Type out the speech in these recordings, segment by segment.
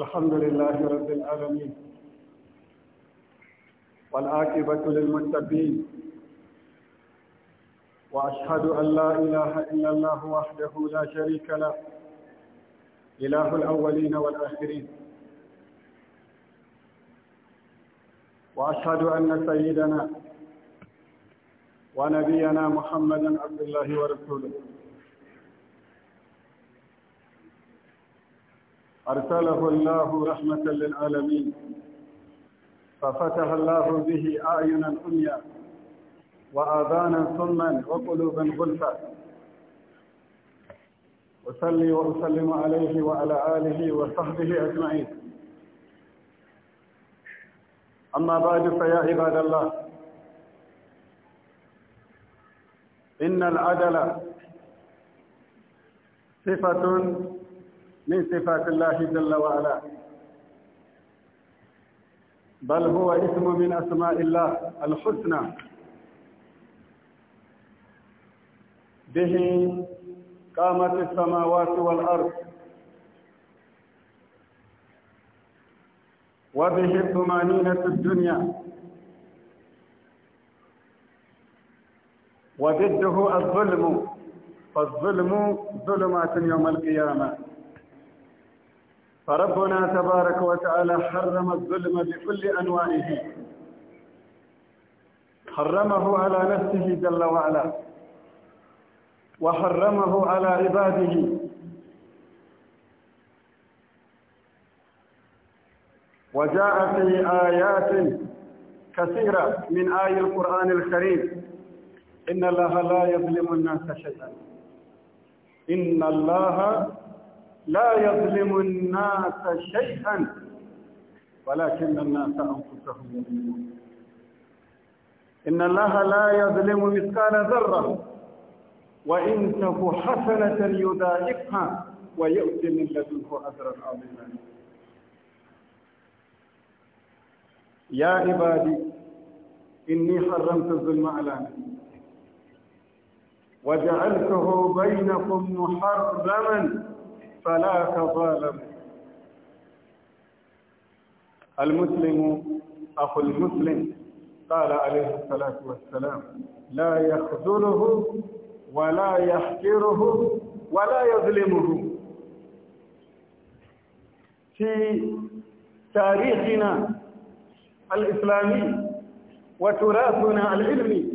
الحمد لله رب العالمين والعاقبة للمتقين وأشهد أن لا إله إلا الله وحده لا شريك له إله الأولين والآخرين وأشهد أن سيدنا ونبينا محمدا عبد الله ورسوله أرسله الله رحمة للعالمين ففتح الله به أعينا حميا وآذانا صما وقلوبا غلفا وصلي وأسلم عليه وعلى آله وصحبه أجمعين أما بعد فيا عباد الله إن العدل صفة من صفات الله جل وعلا بل هو اسم من أسماء الله الحسنى به قامت السماوات والأرض وبه الطمأنينة الدنيا وضده الظلم فالظلم ظلمات يوم القيامة فربنا تبارك وتعالى حرم الظلم بكل أنواعه حرمه على نفسه جل وعلا وحرمه على عباده وجاء في آيات كثيرة من آي القرآن الكريم إن الله لا يظلم الناس شيئا إن الله لا يظلم الناس شيئا ولكن الناس أنفسهم يظلمون إن الله لا يظلم مثقال ذرة وإن تك حسنة يضاعفها ويؤتي من لدنه أجرا عظيما يا عبادي إني حرمت الظلم على نفسي وجعلته بينكم محرما فلا تظالموا المسلم أخو المسلم قال عليه الصلاة والسلام لا يخذله ولا يحقره ولا يظلمه في تاريخنا الإسلامي وتراثنا العلمي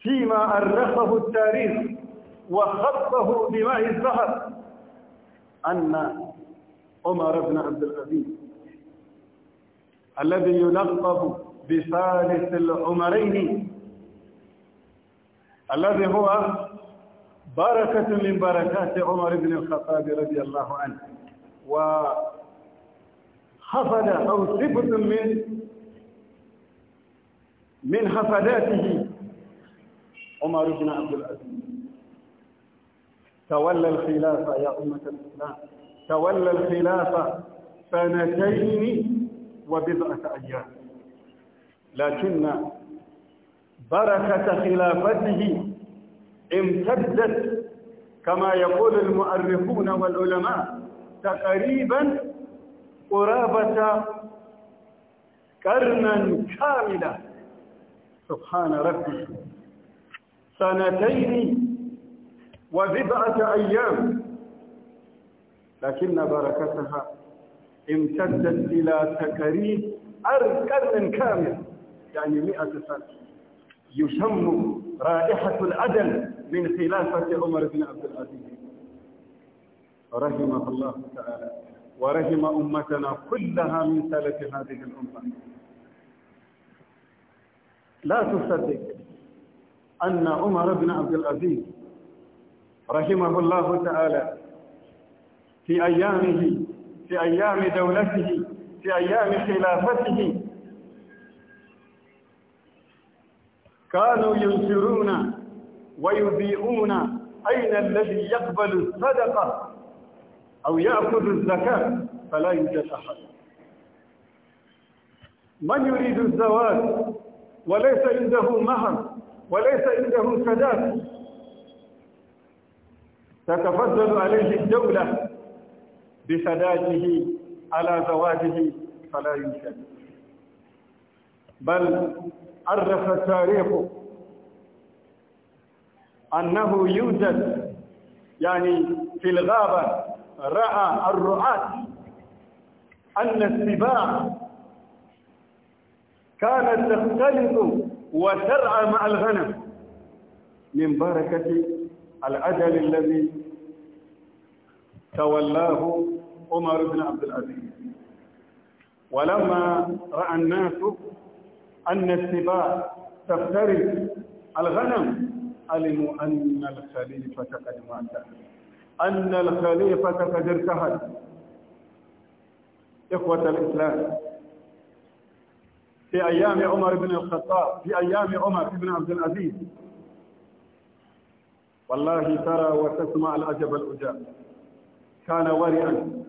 فيما أرخه التاريخ وخطه بماء الزهر أن عمر بن عبد العزيز الذي يلقب بثالث العمرين الذي هو بركة من بركات عمر بن الخطاب رضي الله عنه وحفد أو ثبت من من حفداته عمر بن عبد العزيز تولى الخلافة يا أمة الإسلام تولى الخلافة سنتين وبضعة أيام لكن بركة خلافته امتدت كما يقول المؤرخون والعلماء تقريبا قرابة قرنا كاملا سبحان ربي سنتين وبضعة أيام لكن بركتها امتدت إلى تكريم قرن كامل يعني مئة سنة يشم رائحة العدل من خلافة عمر بن عبد العزيز رحمه الله تعالى ورحم أمتنا كلها من سلف هذه الأمة لا تصدق أن عمر بن عبد العزيز رحمه الله تعالى في أيامه في أيام دولته في أيام خلافته كانوا ينشرون ويبيئون أين الذي يقبل الصدقة أو يأخذ الزكاة فلا يوجد أحد من يريد الزواج وليس عنده مهر وليس عنده سداد تتفضل عليه الدولة بسداده على زواجه فلا يمكن بل عرف التاريخ أنه يوجد يعني في الغابة رأى الرعاة أن السباع كانت تختلط وترعى مع الغنم من بركة الأجل الذي تولاه عمر بن عبد العزيز ولما رأى الناس أن السباع تفترس الغنم علموا أن الخليفة قد مات أن الخليفة قد ارتهد إخوة الإسلام في أيام عمر بن الخطاب في أيام عمر بن عبد العزيز والله ترى وتسمع العجب العجاب كان ورعا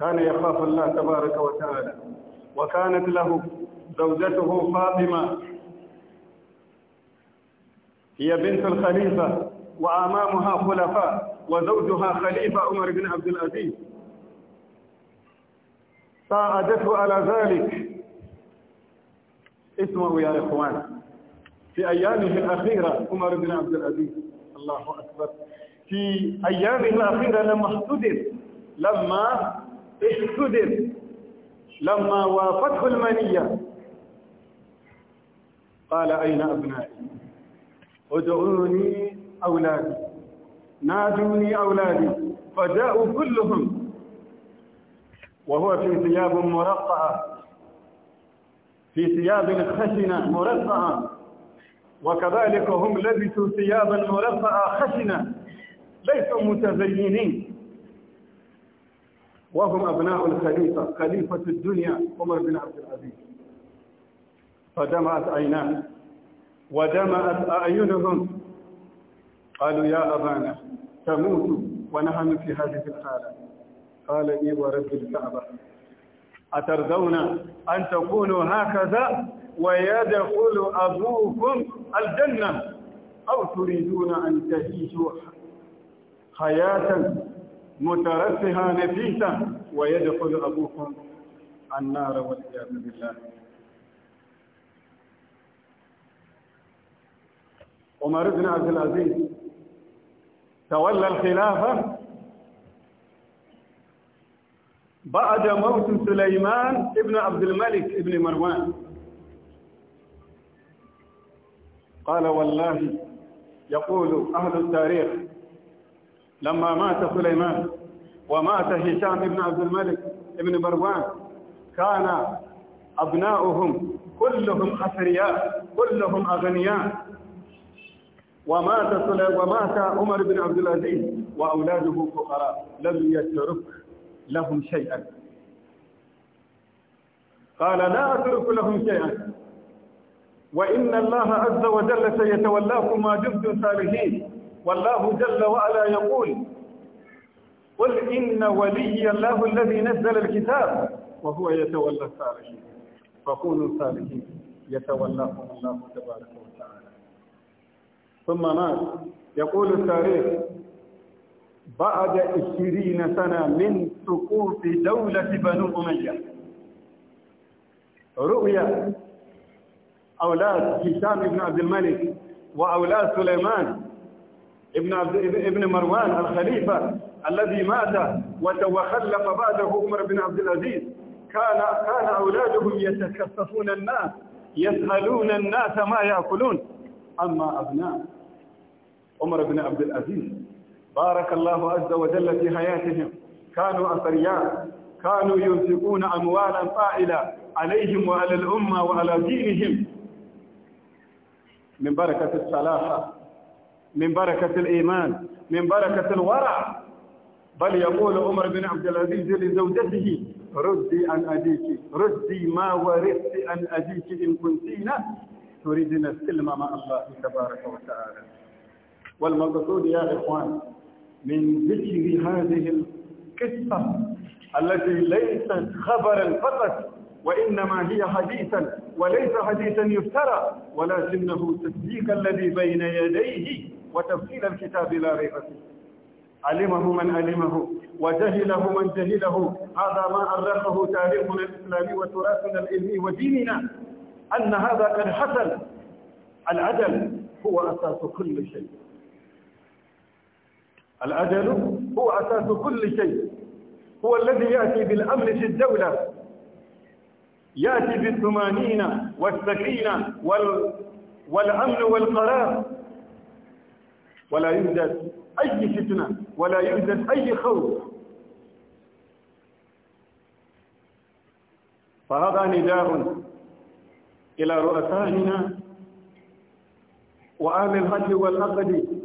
كان يخاف الله تبارك وتعالى وكانت له زوجته فاطمة هي بنت الخليفة وأمامها خلفاء وزوجها خليفة عمر بن عبد العزيز ساعدته على ذلك اسمه يا إخوان في أيامه الأخيرة عمر بن عبد العزيز الله أكبر في أيام الأخيرة لما احتدر لما احتدر لما وافته المنية قال أين أبنائي ادعوني أولادي نادوني أولادي فجاءوا كلهم وهو في ثياب مرقعة في ثياب خشنة مرقعة وكذلك هم لبسوا ثيابا مرفعة خشنة ليسوا متزينين وهم أبناء الخليفة خليفة الدنيا عمر بن عبد العزيز فدمعت عيناه ودمعت أعينهم قالوا يا أبانا تموت ونحن في هذه الحالة قال لي ورب الكعبة أترضون أن تكونوا هكذا ويدخل أبوكم الجنة أو تريدون أن تعيشوا حياة مترفها نفيسة ويدخل أبوكم النار والعياذ بالله عمر بن عبد العزيز تولى الخلافة بعد موت سليمان ابن عبد الملك ابن مروان قال والله يقول أهل التاريخ لما مات سليمان ومات هشام ابن عبد الملك ابن مروان كان أبناؤهم كلهم أثرياء كلهم أغنياء ومات ومات عمر بن عبد العزيز وأولاده فقراء لم يترك لهم شيئا قال لا أترك لهم شيئا وإن الله عز وجل سيتولاكم ما دمتم صالحين والله جل وعلا يقول قل إن ولي الله الذي نزل الكتاب وهو يتولى الصالحين فقولوا صالحين يتولاكم الله تبارك وتعالى ثم مات يقول التاريخ بعد عشرين سنة من سقوط دولة بنو أمية رؤيا أولاد هشام بن عبد الملك وأولاد سليمان ابن عبد ابن مروان الخليفة الذي مات وتوخلف بعده عمر بن عبد العزيز كان كان أولادهم يتكسفون الناس يسألون الناس ما يأكلون أما أبناء عمر بن عبد العزيز بارك الله عز وجل في حياتهم كانوا أثرياء كانوا ينفقون أموالا طائلة عليهم وعلى الأمة وعلى دينهم من بركة الصلاحة من بركة الإيمان من بركة الورع بل يقول عمر بن عبد العزيز لزوجته ردي عن أبيك ردي ما ورثت عن أبيك إن كنتين تريدين السلم مع الله تبارك وتعالى والمقصود يا إخوان من ذكر هذه القصة التي ليست خبرا فقط وإنما هي حديثا وليس حديثا يفترى ولكنه تصديق الذي بين يديه وتفصيل الكتاب لا ريب فيه علمه من علمه وجهله من جهله هذا ما أرخه تاريخنا الإسلامي وتراثنا العلمي وديننا أن هذا قد حصل العدل هو أساس كل شيء الأجل هو أساس كل شيء هو الذي يأتي بالأمن في الدولة يأتي بالثمانين والسكينة وال... والأمن والقرار ولا يوجد أي فتنة ولا يوجد أي خوف فهذا نداء إلى رؤسائنا وأهل الهجر والعقد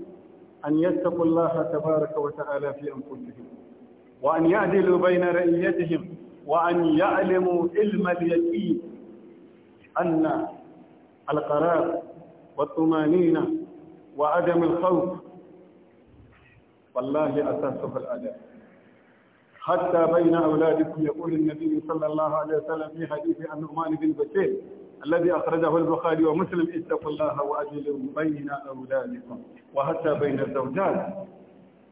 أن يتقوا الله تبارك وتعالى في أنفسهم وأن يعدلوا بين رئيتهم وأن يعلموا علم اليقين أن القرار والطمانينة وعدم الخوف والله أساسه الأداء حتى بين أولادكم يقول النبي صلى الله عليه وسلم في حديث عن نعمان بن بشير الذي أخرجه البخاري ومسلم اتقوا الله وأجلوا بين أولادكم وحتى بين الزوجات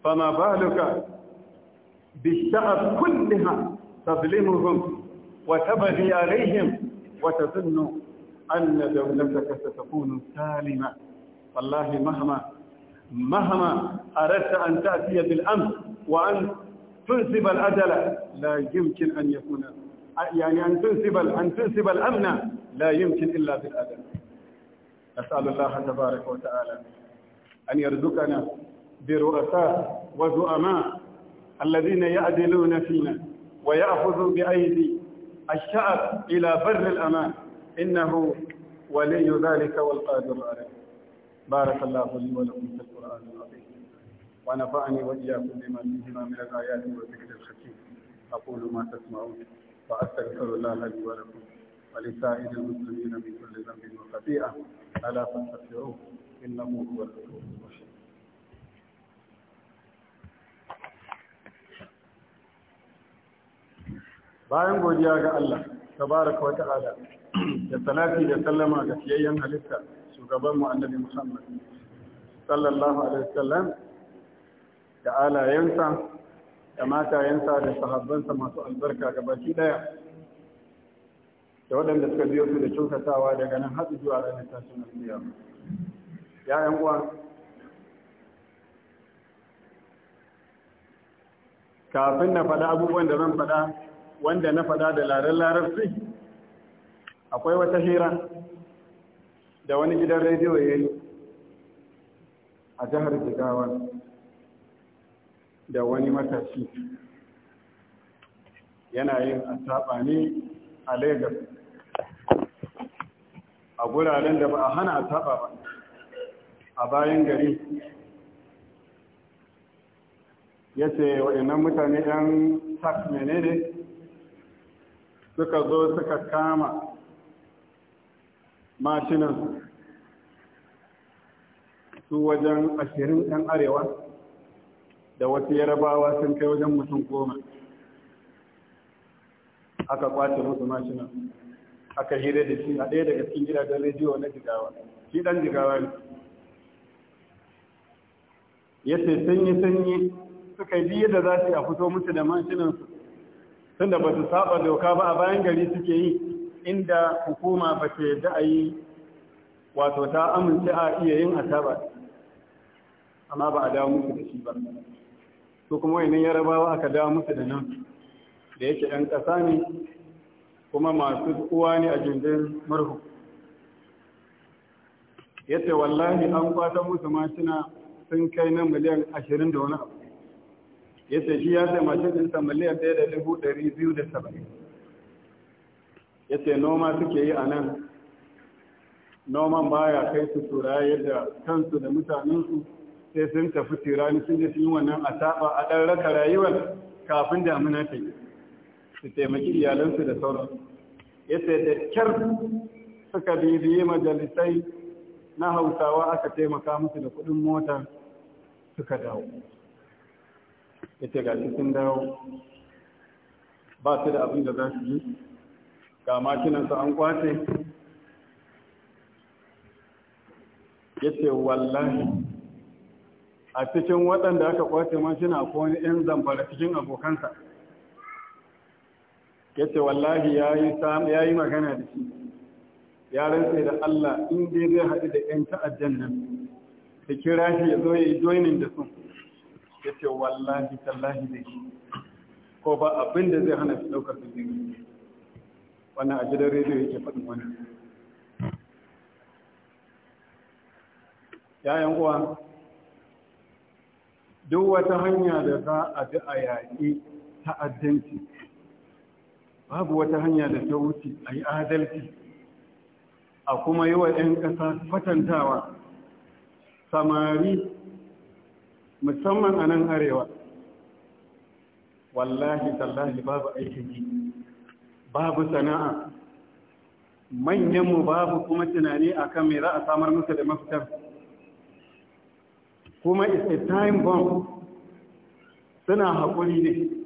فما بالك بالشعب كلها تظلمهم وتبغي عليهم وتظن أن دولتك ستكون سالمة والله مهما مهما أردت أن تأتي بالأمر وأن تنسب الأدلة لا يمكن أن يكون يعني أن تنسب أن تنسب الأمن لا يمكن إلا بالأدب أسأل الله تبارك وتعالى أن يرزقنا برؤساء وزعماء الذين يعدلون فينا ويأخذوا بأيدي الشعب إلى بر الأمان إنه ولي ذلك والقادر عليه بارك الله لي ولكم في القرآن العظيم ونفعني وإياكم بما فيهما من الآيات والذكر الحكيم أقول ما تسمعون وأستغفر الله لي ولكم ولسائر المسلمين من كل ذنب وخطيئة ألا تستغفروه إنه هو الغفور الرحيم bayan godiya ga Allah tabaraka wa ta'ala da salati da sallama ga fiyayyen halitta shugaban mu annabi Muhammad sallallahu alaihi wasallam da alayensa da matayensa da sahabbansa masu albarka gabaki daya da waɗanda suka biyo su da kyautatawa daga nan haɗu zuwa ranar tashin alƙiyama ya yan uwa kafin na faɗa abubuwan da zan faɗa wanda na faɗa da larar su, akwai wata hira da wani gidan rediyo ya yi a jihar jigawa da wani matashi yana yin asaba ne a lagos guraren da ba a hana a taba ba a bayan gari ya ce waɗannan mutane 'yan tax menene suka zo suka kama mashinan su wajen ashirin 'yan arewa da wasu yarabawa sun kai wajen mutum goma aka kwace musu mashinan aka hira da shi a ɗaya daga cikin gidajen rediyo na jigawa shi ɗan jigawa ne ya ce sanyi-sanyi suka yi biyu da za su a fito musu da mashinansu tun da ba su saba doka ba a bayan gari suke yi inda hukuma ba ce da a yi wato ta amince a iya yin asaba amma ba a dawo musu da shi ba su kuma wani yarabawa aka dawo musu da nan da yake ɗan ƙasa ne kuma masu kuwa ne a gindin murhu yace wallahi an kwata musu mashina sun kai na miliyan ashirin da wani abu yace shi ya sai mashin ɗinsa miliyan ɗaya da dubu ɗari biyu da saba'in yace noma suke yi a nan noman baya kai su tura yadda kansu da mutanensu sai sun tafi tirani sun je sun yi wannan a a ɗan raka rayuwar kafin damina ta yi su taimaki iyalansu da sauran ya ce da kyar suka bibiye majalisai na hausawa aka taimaka musu da kudin mota suka dawo ya ce ga cikin dawo ba su da abin da za su yi ga makinansu an kwace ya ce wallahi a cikin waɗanda aka kwace mashina ko wani 'yan zamfara cikin abokansa ya ce wallahi ya yi magana da shi ya rantse da Allah in dai zai haɗu da 'yan ta'addan nan da kira shi ya zo ya yi joinin da sun ya ce wallahi tallahi zai ko ba abin da zai hana su ɗaukar su zai wannan a gidan rediyo yake faɗin wani yayan uwa duk wata hanya da za a ji a yaƙi ta'addanci babu wata hanya da ta wuce a yi adalci a kuma yi wa 'yan ƙasa fatantawa. samari musamman a nan arewa wallahi tallahi babu aikin yi babu sana'a manyanmu babu kuma tunani a kan mai za a samar musu da mafitar kuma is a time bomb suna haƙuri ne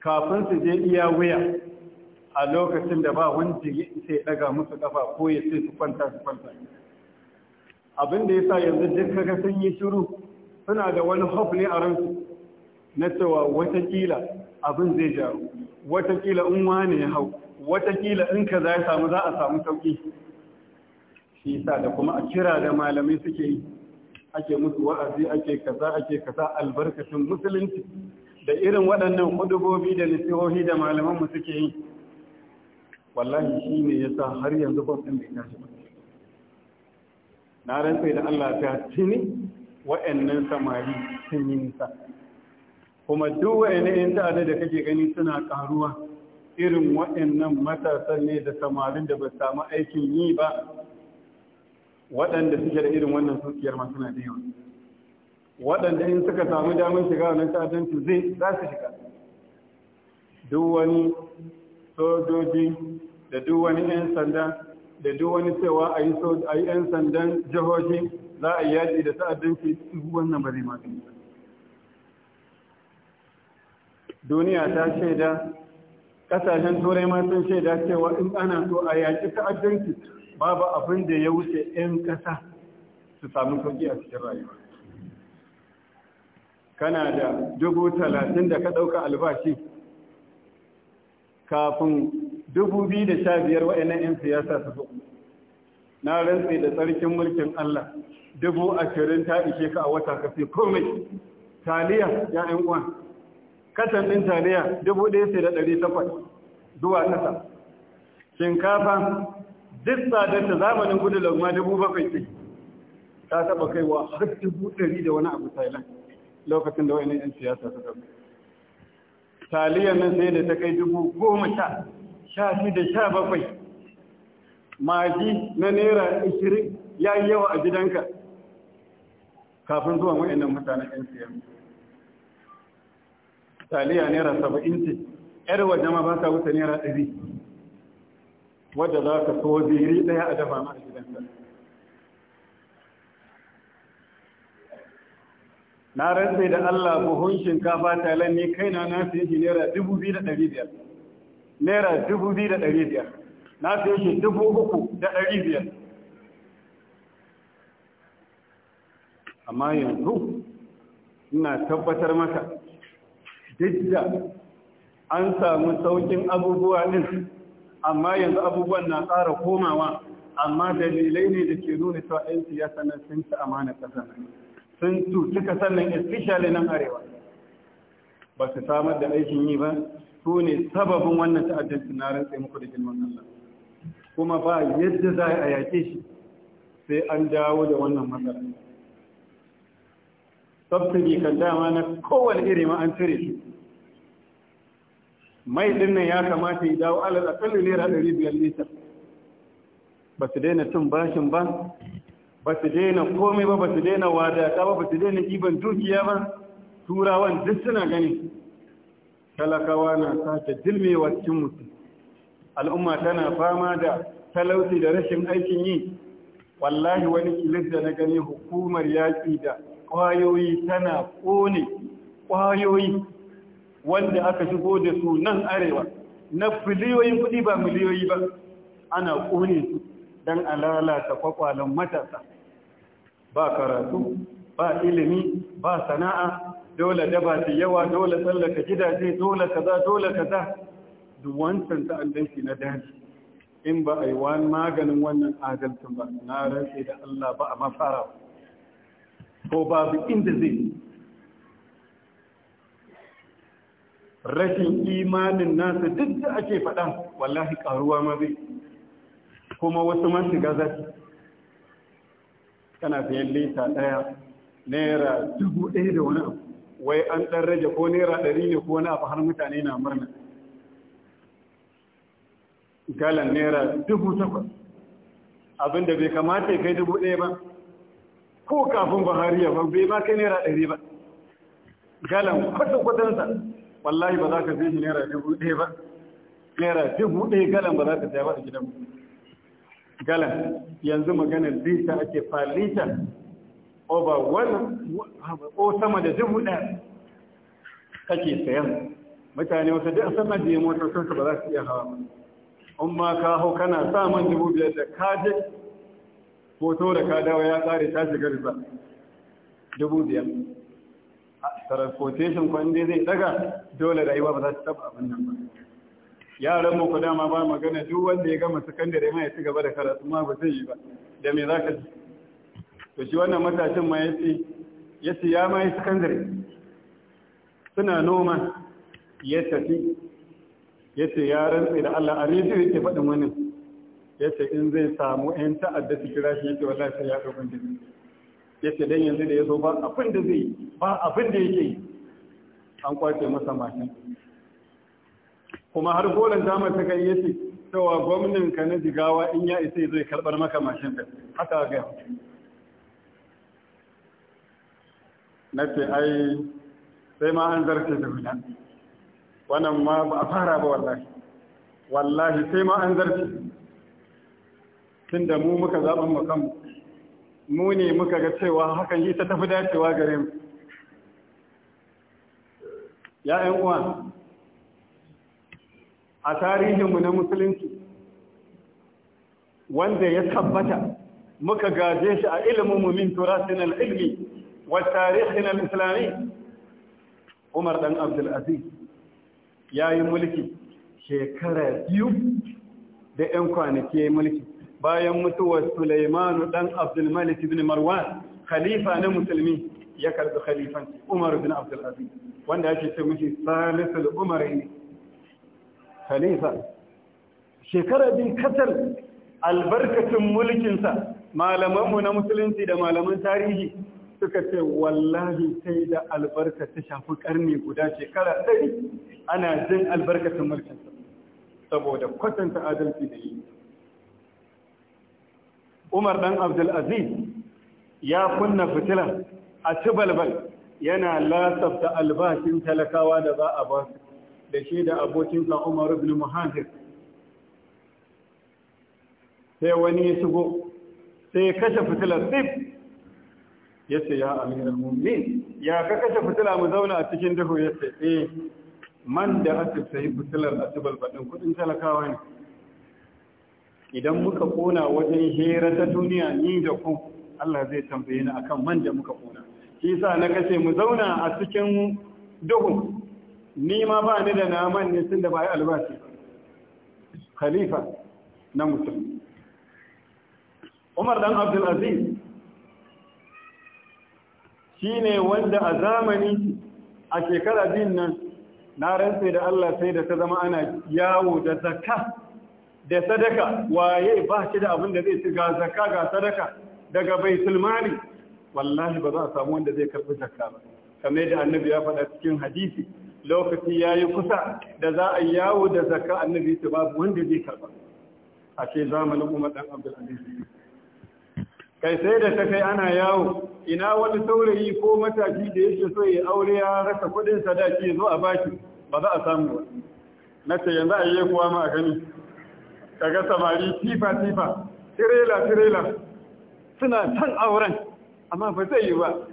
kafin su je iya wuya a lokacin da ba wanda sai daga musu kafa ko ya sai su kwanta su kwanta abin da yasa yanzu duk kaga sun yi shiru suna da wani hope ne a ransu na cewa watakila abin zai jaru watakila in wani ya hau watakila in ka za ya samu za a samu sauki shi yasa da kuma a kira da malamai suke yi ake musu wa'azi ake kaza ake kaza albarkacin musulunci da irin waɗannan hudubobi da nasihohi da malamanmu suke yi wallahi shi ne ya sa har yanzu bambam bai tashi ba na rantsai da Allah ta tini wa'annan samari sun yi nisa kuma duk wa'annan yan ta'adar da kake gani suna karuwa irin wa'annan matasan ne da samarin da ba samu aikin yi ba waɗanda suke da irin wannan sukiyar ma suna da yawa waɗanda in suka samu damar shiga wannan ta'addanci zai za su shiga duk wani sojoji da duk wani 'yan sanda da duk wani cewa a yi 'yan sandan jihohi za a yi yaji da ta'addanci duk wannan bari zai magani duniya ta shaida kasashen turai ma sun shaida cewa in ana so a yaƙi ta'addanci babu abin da ya wuce 'yan ƙasa su sami sauƙi a cikin rayuwa kana da dubu talatin da ka ɗauka albashi kafin dubu biyu da sha biyar wa'annan 'yan siyasa su zo na rantse da tsarkin mulkin Allah dubu ashirin ta ishe ka a wata kafin. komai taliya ya ‘yan uwa katan ɗin taliya dubu ɗaya sai da ɗari takwas zuwa ƙasa shinkafa duk tsadar ta zamanin gudu lagma dubu bakwai ce ta taɓa kaiwa har dubu ɗari da wani abu thailand lokacin da wani 'yan siyasa su zo taliyar nan sai da ta kai dubu goma sha sha shida sha bakwai maji na naira ashirin ya yi yawa a gidanka kafin zuwa wa'annan mutanen 'yan siyasa taliya naira saba'in ce yar waje ma ba ta wuce naira ɗari wadda za ka so ziri ɗaya a dafa ma a gidanka na rantsai da Allah buhun shinkafa talan ne kai na na siye shi naira 2,500 naira 2,500 na siye shi 3,500 amma yanzu ina tabbatar maka duk da an samu saukin abubuwa din amma yanzu abubuwan na ƙara komawa amma dalilai ne da ke nuna cewa 'yan siyasa sanar sun ci amana ƙasa sun cuci kasar nan especially nan arewa ba su samar da aikin yi ba su ne sababin wannan ta'addanci na sai muku da girman Allah kuma ba yadda za a yake shi sai an dawo da wannan matsala subsidy kan dama na kowane iri ma an cire shi mai din nan ya kamata ya dawo alal akalli naira ɗari biyar lita ba su daina cin bashin ba ba su daina komai ba ba su daina wadata ba ba su daina iban dukiya ba turawan duk suna gani talakawa na sace dilmewa cikin mutum al'umma tana fama da talauci da rashin aikin yi wallahi wani kilis da na gani hukumar yaƙi da ƙwayoyi tana ƙone ƙwayoyi wanda aka shigo da su nan arewa na filiyoyin kuɗi ba miliyoyi ba ana ƙone su don lalata kwakwalen matasa ba karatu ba ilimi ba sana'a dole daba ta yawa dole tsallaka gidaje dole kaza dole kaza duk wancan ta'addanci na daji in ba a yi wani maganin wannan adalcin ba na rantse da Allah ba a mafara ko babu inda zai rashin imanin nasa duk da ake faɗa wallahi ƙaruwa ma zai kuma wasu man shiga zafi kana sayan lita ɗaya naira dubu ɗaya da wani abu wai an ɗan rage ko naira ɗari ne ko wani abu har mutane na murna galan naira dubu takwas abin da bai kamata ya kai dubu ɗaya ba ko kafin buhari ya ba bai ma kai naira ɗari ba galan kwata-kwatansa wallahi ba za ka zai naira dubu ɗaya ba naira dubu ɗaya galan ba za ka zai ba a gidan mu galan yanzu maganar lita ake fa lita over one ko sama da dubu ɗaya kake sayan mutane wasu duk sama da yin motar sun ba za su iya hawa in ma ka hau kana sa man dubu biyar da kaje? Foto hoto da ka dawo ya tsare ta shiga riba dubu biyar transportation kwan dai zai daga dole rayuwa ba za su taba abin nan ba yaran mu ku dama ba magana duk wanda ya gama sakandare ma ya ci gaba da karatu ma ba zai yi ba da me zaka ji to shi wannan matashin ma yace yace ya ma yi sakandare suna noma ya tafi yace ya rantsi da Allah a rediyo yake faɗin wani yace in zai samu ƴan ta'adda su kira shi yace wallahi sai ya ɗaukan jini yace dan yanzu da ya ba abin da zai ba abin da yake yi an kwace masa mashin kuma har golan damar ta kai yace cewa gwamnan ka na jigawa in ya isa zai karbar maka mashin ka haka ga na ce ai sai ma an zarce da wuya wannan ma ba a fara ba wallahi wallahi sai ma an zarce tunda mu muka zaɓin mu kanmu mu ne muka ga cewa hakan yi ta tafi dacewa gare mu ya'yan uwa a tarihinmu na musulunci wanda ya tabbata muka gaje shi a ilimin min turasin al'ilmi wa tarihin al'islami umar ɗan abdulaziz ya yi mulki shekara biyu da 'yan kwanaki ya yi mulki bayan mutuwar Suleimanu dan Abdulmalik ibn Marwan khalifa na musulmi ya karbi khalifan Umar ibn Abdul Aziz wanda yake ce mishi salisul umari khalifa shekara biyu kasar albarkatun mulkinsa malamanmu na musulunci da malaman tarihi suka ce wallahi sai da albarka ta shafi karni guda shekara ɗari ana jin albarkatun mulkinsa saboda kwatanta adalci da yi umar dan abdulaziz ya kunna fitila a ci balbal yana lasafta albashin talakawa da za a ba su da shi da abokinsa Umar ibn Muhajir sai wani ya shigo sai ya kashe fitilar tsif ya ce ya amiral mu'min ya ka kashe fitila mu zauna a cikin duhu ya ce eh man da aka sayi fitilar a tubal badin kudin talakawa ne idan muka ƙona wajen hera ta duniya ni da ku Allah zai tambaye ni akan man da muka kona shi yasa na kashe mu zauna a cikin duhu ni ma ba ni da naman ne sun da ba yi albashi khalifa na musulmi umar dan abdul aziz shine wanda a zamani a shekara din nan na rantse da Allah sai da ta zama ana yawo da zakka da sadaka waye ba shi da abin da zai ci ga zakka ga sadaka daga baitul mali wallahi ba za a samu wanda zai karbi zakka ba kamar yadda annabi ya faɗa cikin hadisi lokaci ya yi kusa da za a yawo da zaka annabi ta babu wanda zai karba a ce zamanin umar dan abdulaziz kai sai da ta kai ana yawo ina wani saurayi ko mataki da yake so ya aure ya rasa kudin sadaki zo a baki ba za a samu ba na ce yanzu a yi kuwa ma a gani kaga samari tifa tifa tirela tirela suna san auren amma ba zai yi ba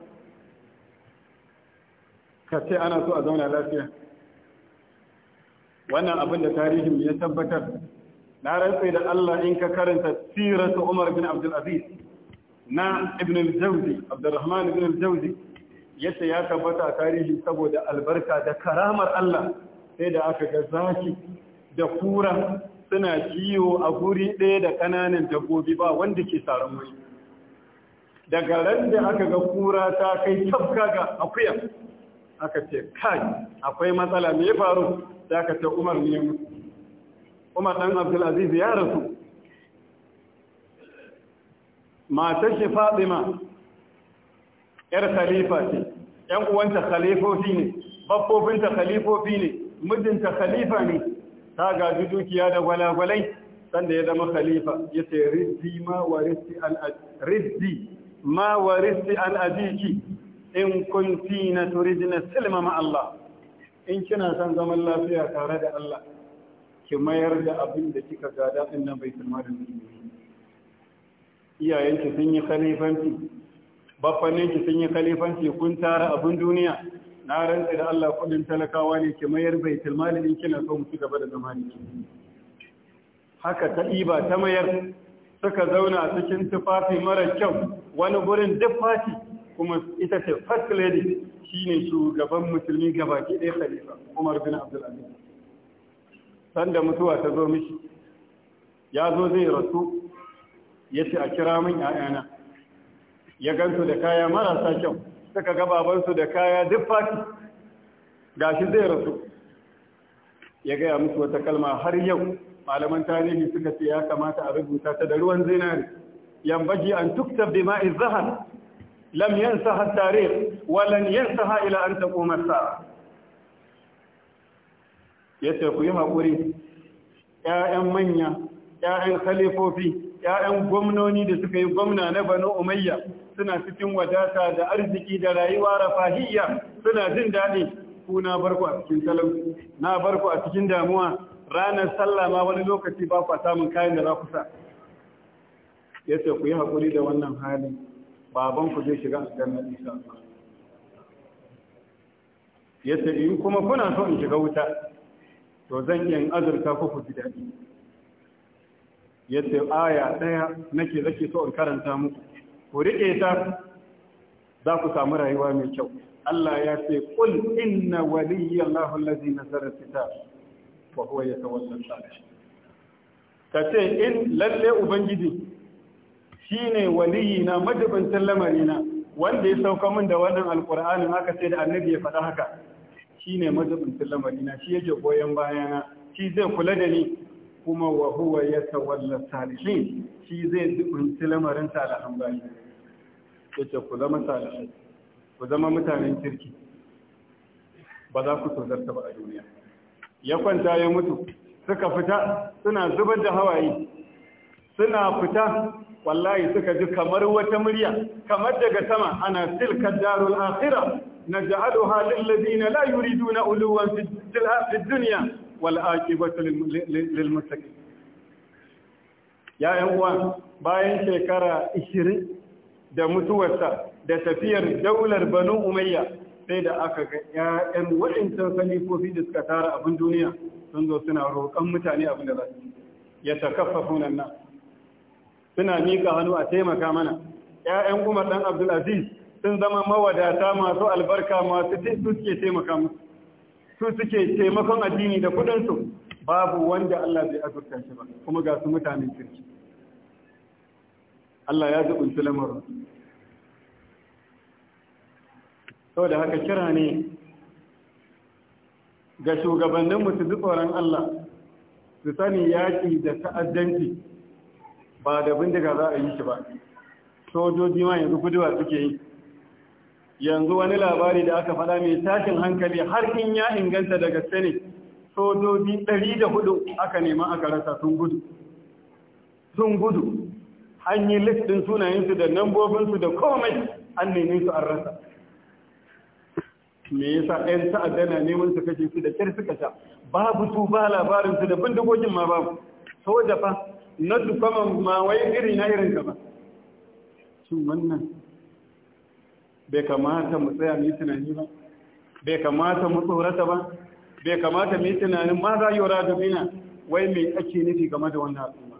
ka ce ana so a zauna lafiya wannan abin da tarihin ya tabbatar na rantsai da Allah in ka karanta siratu Umar bin Abdul Aziz na Ibn al-Jawzi Abdurrahman ibn al-Jawzi yace ya tabbata tarihi saboda albarka da karamar Allah sai da aka ga zaki da kura suna ciwo a guri ɗaya da ƙananan dabbobi ba wanda ke tsaron mai daga ran da aka ga kura ta kai tabka ga akuya aka ce kai akwai matsala mai faru da aka ce umar ne mutu umar ɗan abdulaziz ya rasu matar shi fatima ‘yar khalifa ce ‘yan uwanta khalifofi ne babbobinta khalifofi ne mijinta khalifa ne ta gaji dukiya da gwalagwalai sanda ya zama khalifa ya ce riddi ma wa rizdi al'adiki in kuntina turidina silma ma Allah in kina son zaman lafiya tare da Allah ki mayar da abin da kika gada din nan bai tilma da iyayenki sun yi khalifanci ki sun yi khalifanci kun tara abin duniya na rantsa da Allah kudin talakawa ne ki mayar bai tilma da kina so mu ci gaba da zamani haka ta iba ta mayar suka zauna cikin tufafi mara kyau wani gurin duk fati kuma ita ce first lady shi ne shugaban musulmi gabaki ɗaya khalifa Umar bin Abdul sanda mutuwa ta zo mishi ya zo zai rasu ya ce a kira min ‘ya'yana ya gansu da kaya marasa kyau suka gababansu da kaya duk fati shi zai rasu ya gaya musu wata kalma har yau malaman tarihi suka ce ya kamata a rubuta ta da ruwan zinari yambaji an tukta bi zahar lam yansaha at-tarikh wa lan yansaha ila saa yace ku yi hakuri ƴaƴan manya ƴaƴan khalifofi ‘ya'yan gwamnoni da suka yi gwamna na Banu Umayya suna cikin wadata da arziki da rayuwa rafahiyya suna jin daɗi ku na barku a cikin talauci na barku a cikin damuwa ranar sallah ma wani lokaci ba ku samun kayan da za ku sa yace ku yi haƙuri da wannan hali baban ku zai shiga aljanna insha Allah yace in kuma kuna so in shiga wuta to zan yin azurta ku ku daɗi yace aya daya nake zake so in karanta muku ku riƙe ta za ku samu rayuwa mai kyau Allah ya ce kul inna waliyallahu allazi nazara kitab wa huwa yatawalla salih kace in lalle ubangiji ne waliyi na majibantar lamari na wanda ya sauka min da wannan alqur'anin haka sai da annabi ya faɗa haka ne majibantan lamari na shi yake goyon bayana shi zai kula da ni kuma wa huwa yatawalla salihin shi zai dubunci lamarin salihan bayi yace ku zama salihin ku zama mutanen kirki ba za ku tozarta ba a duniya ya kwanta ya mutu suka fita suna zubar da hawaye suna fita wallahi suka ji kamar wata murya kamar daga sama ana tilka darul akhirah naj'aluha lil ladina la yuriduna uluwan fil dunya wal aqibatu lil muttaqin ya bayan shekara 20 da mutuwarsa da tafiyar daular banu umayya sai da aka ga ƴaƴan waɗancan khalifofi da suka tara abin duniya sun zo suna roƙon mutane abin da za su yi ya takaffafu nan suna mika hannu a taimaka mana yayan Umar ɗan Abdulaziz sun zama mawadata masu albarka masu su suke taimaka musu su suke taimakon addini da kudinsu babu wanda Allah bai azurta shi ba kuma ga su mutanen kirki Allah ya zubunci lamarin da haka kira ne ga shugabanninmu su zuɓoran Allah su sani yaƙi da ta'addanci ba da bindiga za a yi shi ba sojoji ma yanzu guduwa suke yi yanzu wani labari da aka faɗa mai tashin hankali har in ya inganta daga sani sojoji ɗari da hudu aka nema aka rasa sun gudu sun gudu an yi listin sunayensu da nambobinsu da komai an nemi su an rasa me yasa ɗan sa'adda na neman su kashe su da kyar suka sha babu su ba labarinsu da bindigogin ma babu soja fa na tufaman ma wai iri na irin gaba shin wannan bai kamata mu tsaya mai tunani ba bai kamata mu tsorata ba bai kamata mai tunanin ma za yi wa radamina wai mai ake nufi game da wannan al'umma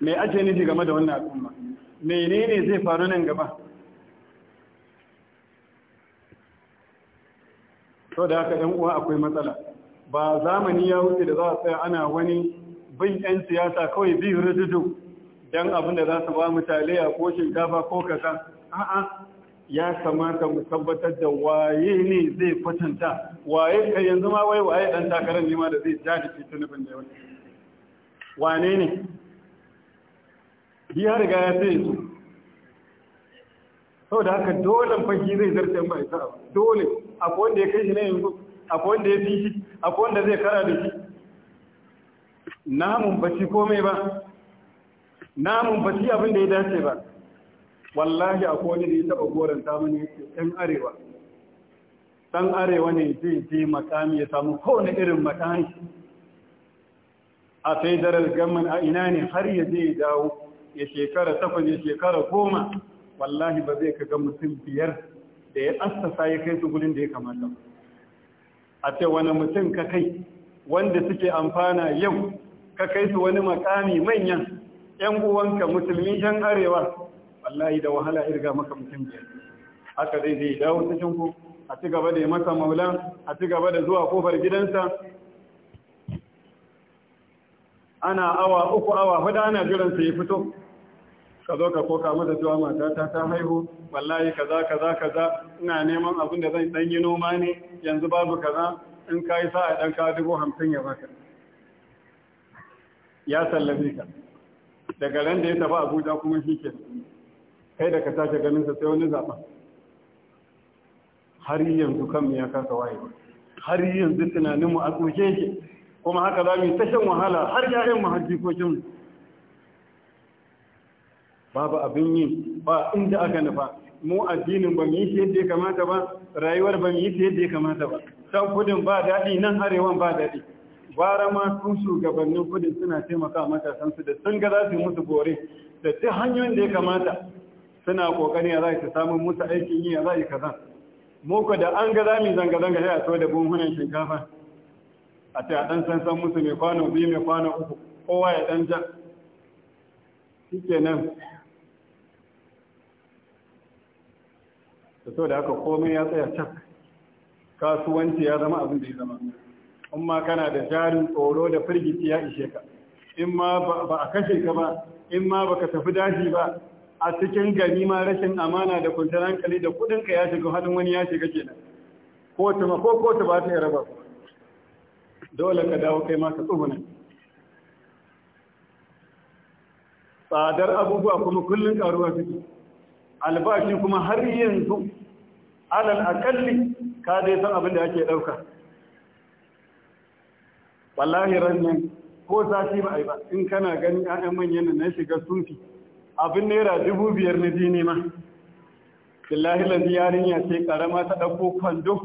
mai ake nufi game da wannan al'umma menene zai faru nan gaba to da haka ɗan uwa akwai matsala ba zamani ya wuce da za a tsaya ana wani bin 'yan siyasa kawai biyu rududu don abin da za su ba mutane a ko shinkafa ko kasa a'a ya kamata mu tabbatar da waye ne zai kwatanta waye kai yanzu ma wai waye dan takarar ne ma da zai ja da nufin da yawon wane ne biya riga ya sai su sau da haka dole fashi zai zarce ba isa dole akwai wanda ya kai shi na yanzu akwai wanda ya fi shi akwai wanda zai kara da shi namun ba ci komai ba namun ba ci abin da ya dace ba wallahi akwai wani da ya taɓa goranta samun yake ɗan arewa ɗan arewa ne zai je makami ya samu kowane irin makami a faidarar gaman a ina ne har ya zai dawo ya shekara takwas ya shekara goma wallahi ba zai kaga mutum biyar da ya asasa ya kai su gudun da ya kamata ba a ce wani mutum ka kai wanda suke amfana yau ka kai su wani makami manyan yan uwanka musulmi yan arewa wallahi da wahala irga maka mutum biyar haka zai zai dawo cikin ku a ci gaba da masa maula a ci gaba da zuwa kofar gidansa ana awa uku awa hudu ana jiran ya fito ka zo ka koka mata cewa matata ta haihu wallahi kaza kaza kaza ina neman abin da zan dan yi noma ne yanzu babu kaza in ka yi sa'a dan ka dubu hamsin ya baka ya sallabe ka daga ran da ya tafi abuja kuma shi ke kai da ka tashi ganin sa sai wani zaɓa har yanzu kan ya kasa waye har yanzu tunanin mu a tsoke kuma haka za mu yi tashin wahala har yayan mu har jikokin mu babu abin yi ba inda aka nufa mu addinin ba mu yi shi yadda ya kamata ba rayuwar ba mu yi shi yadda ya kamata ba San kudin ba daɗi nan arewan ba daɗi bara ma sun shugabannin kudin suna taimaka matasan su da sun ga za su musu gore da duk hanyoyin da ya kamata suna kokari ya za su samu musu aikin yi ya za yi kaza moko da an ga mu zanga-zanga ya so da buhunan shinkafa a ce a ɗan san san musu mai kwano biyu mai kwano uku kowa ya ɗan ja shi nan. da so da haka komai ya tsaya can kasuwanci ya zama abin da ya zama in ma kana da jarin tsoro da firgici ya ishe ka in ma ba a kashe ka ba in ma ba ka tafi daji ba a cikin gani ma rashin amana da kwanciyar hankali da ka ya shiga hannun wani ya shiga kenan ko ma ko kotu ba ta yi raba dole ka dawo kai ma ka tsubuna tsadar abubuwa kuma kullum karuwa suke albashi kuma har yanzu alal akalli ka dai san abin da ake ɗauka wallahi rannan ko sati ba a yi ba in kana gani 'ya'yan manyan na shiga sunfi abin naira dubu biyar na dini ma billahi lalzi yarinya ce karama ta ɗauko kwando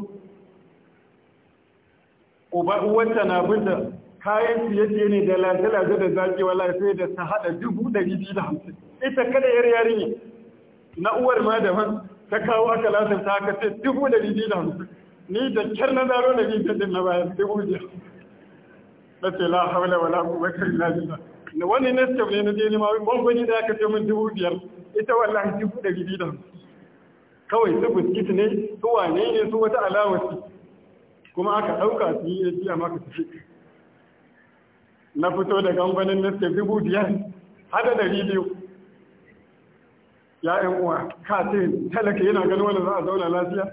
uba uwanta na da kayan su ciye ne da lalata da zaki wallahi sai da ta haɗa dubu ɗari biyu da hamsin ita kada yar yarinya na uwar ma daban ta kawo aka lasanta aka ce dubu da biyu da hamsin ni da kyar na zaro da biyu da na bayan dubu biyu. na ce la haula wala quwwata illa billah na wani ne ce ne na je ma ban gwani da aka ce min dubu biyar ita wallahi dubu da biyu da hamsin kawai su biskit ne su wane ne su wata alawaci kuma aka ɗauka su yi yaji a maka tafi na fito da gambanin nasta dubu biyar hada da biyu ya ‘yan uwa ka ce talaka yana gani wanda za a zauna lafiya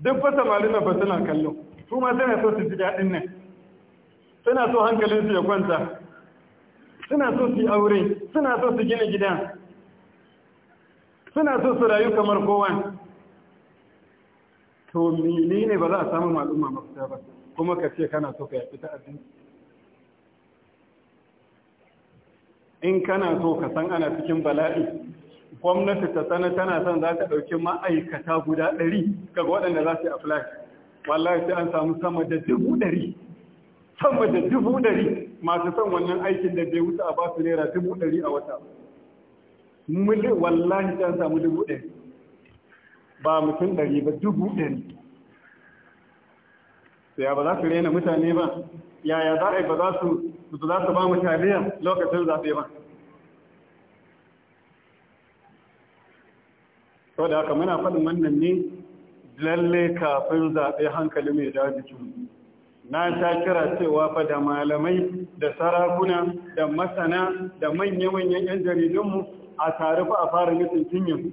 duk fata malina ba suna kallo su ma suna so su ji daɗin nan suna so hankalin su ya kwanta suna so su yi aure suna so su gina gida suna so su rayu kamar kowa to mini ne ba za a samu maluma mafita ba kuma ka ce kana so ka yafi ta'addin in kana so ka san ana cikin bala'i gwamnati ta sana tana son za ta ɗauki ma'aikata guda ɗari ga waɗanda za su yi apply wallahi sai an samu sama da dubu ɗari sama da dubu ɗari masu son wannan aikin da bai wuce a ba su naira dubu ɗari a wata mili wallahi sai an samu dubu ɗari ba mutum ɗari ba dubu ɗari sai ba za su rena mutane ba yaya za a yi ba za su ba mu taliya lokacin zaɓe ba sau da haka muna faɗin wannan ne lalle kafin zaɓe hankali mai dajikin na ta kira cewa fa da malamai da sarakuna da masana da manya-manyan 'yan jaridunmu a tare tarifa a fara mutum tun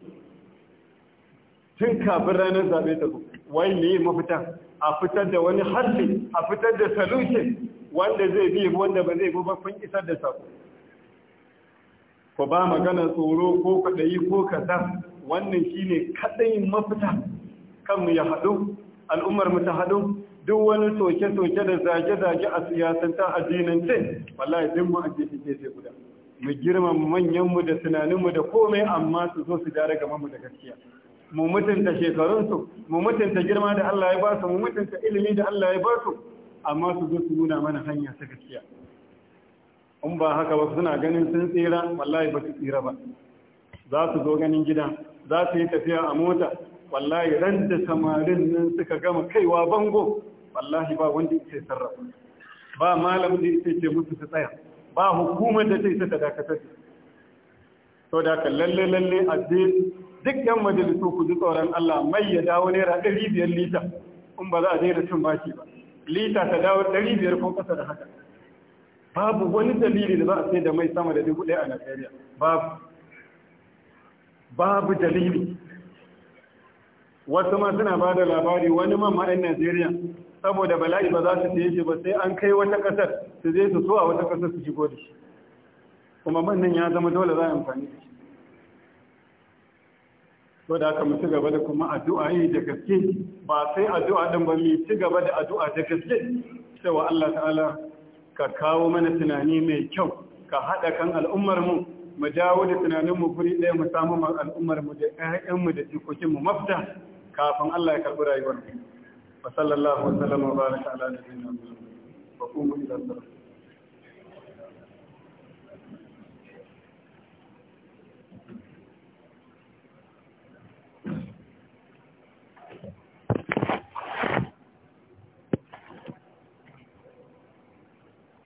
tun kafin ranar zaɓe ta wai ne mafita a fitar da wani harfi a fitar da solution wanda zai bi wanda ba zai ba isar da sako ku ba magana tsoro ko kwaɗayi ko kaza wannan shine kaɗai mafita kanmu ya haɗu al'ummar mu ta haɗu duk wani toke toke da zage-zage a siyasanta addinance wallahi din mu ake fice sai guda mu girmama manyanmu da tunaninmu da komai amma su zo su dare gama mu da gaskiya mu mutunta shekarun su mu mutunta girma da Allah ya ba su mu mutunta ilimi da Allah ya ba su amma su zo su nuna mana hanya ta gaskiya in ba haka ba suna ganin sun tsira wallahi ba su tsira ba za su zo ganin gida. za su yi tafiya a mota wallahi ran da samarin nan suka gama kaiwa bango wallahi ba wanda yake sarrafa ba malam da ita ce musu su tsaya ba hukumar da take ta dakatar to da kan lalle lalle addini duk yan majalisu ku ji tsoron Allah mai ya dawo naira ɗari biyar lita in ba za a daina cin baki ba lita ta dawo ɗari biyar ko ƙasa da haka babu wani dalili da za a sai da mai sama da dubu ɗaya a Najeriya babu babu dalili wasu ma suna ba da labari wani man ma'ayin Najeriya saboda bala'i ba za su siye shi ba sai an kai wata ƙasar su zai su so a wata ƙasar su shigo da shi kuma man nan ya zama dole za a amfani da shi so da aka mutu gaba da kuma addu'a yi da gaske ba sai addu'a ɗin ba mu ci gaba da addu'a da gaske cewa Allah ta'ala ka kawo mana tunani mai kyau ka haɗa kan al'ummarmu mu jawo da tunaninmu guri ɗaya mu samu al'ummarmu da ƴaƴanmu da jikokinmu mafita kafin Allah ya karɓi rayuwar wa sallallahu wa sallama wa baraka ala nabiyyina muhammad wa qumu ila salat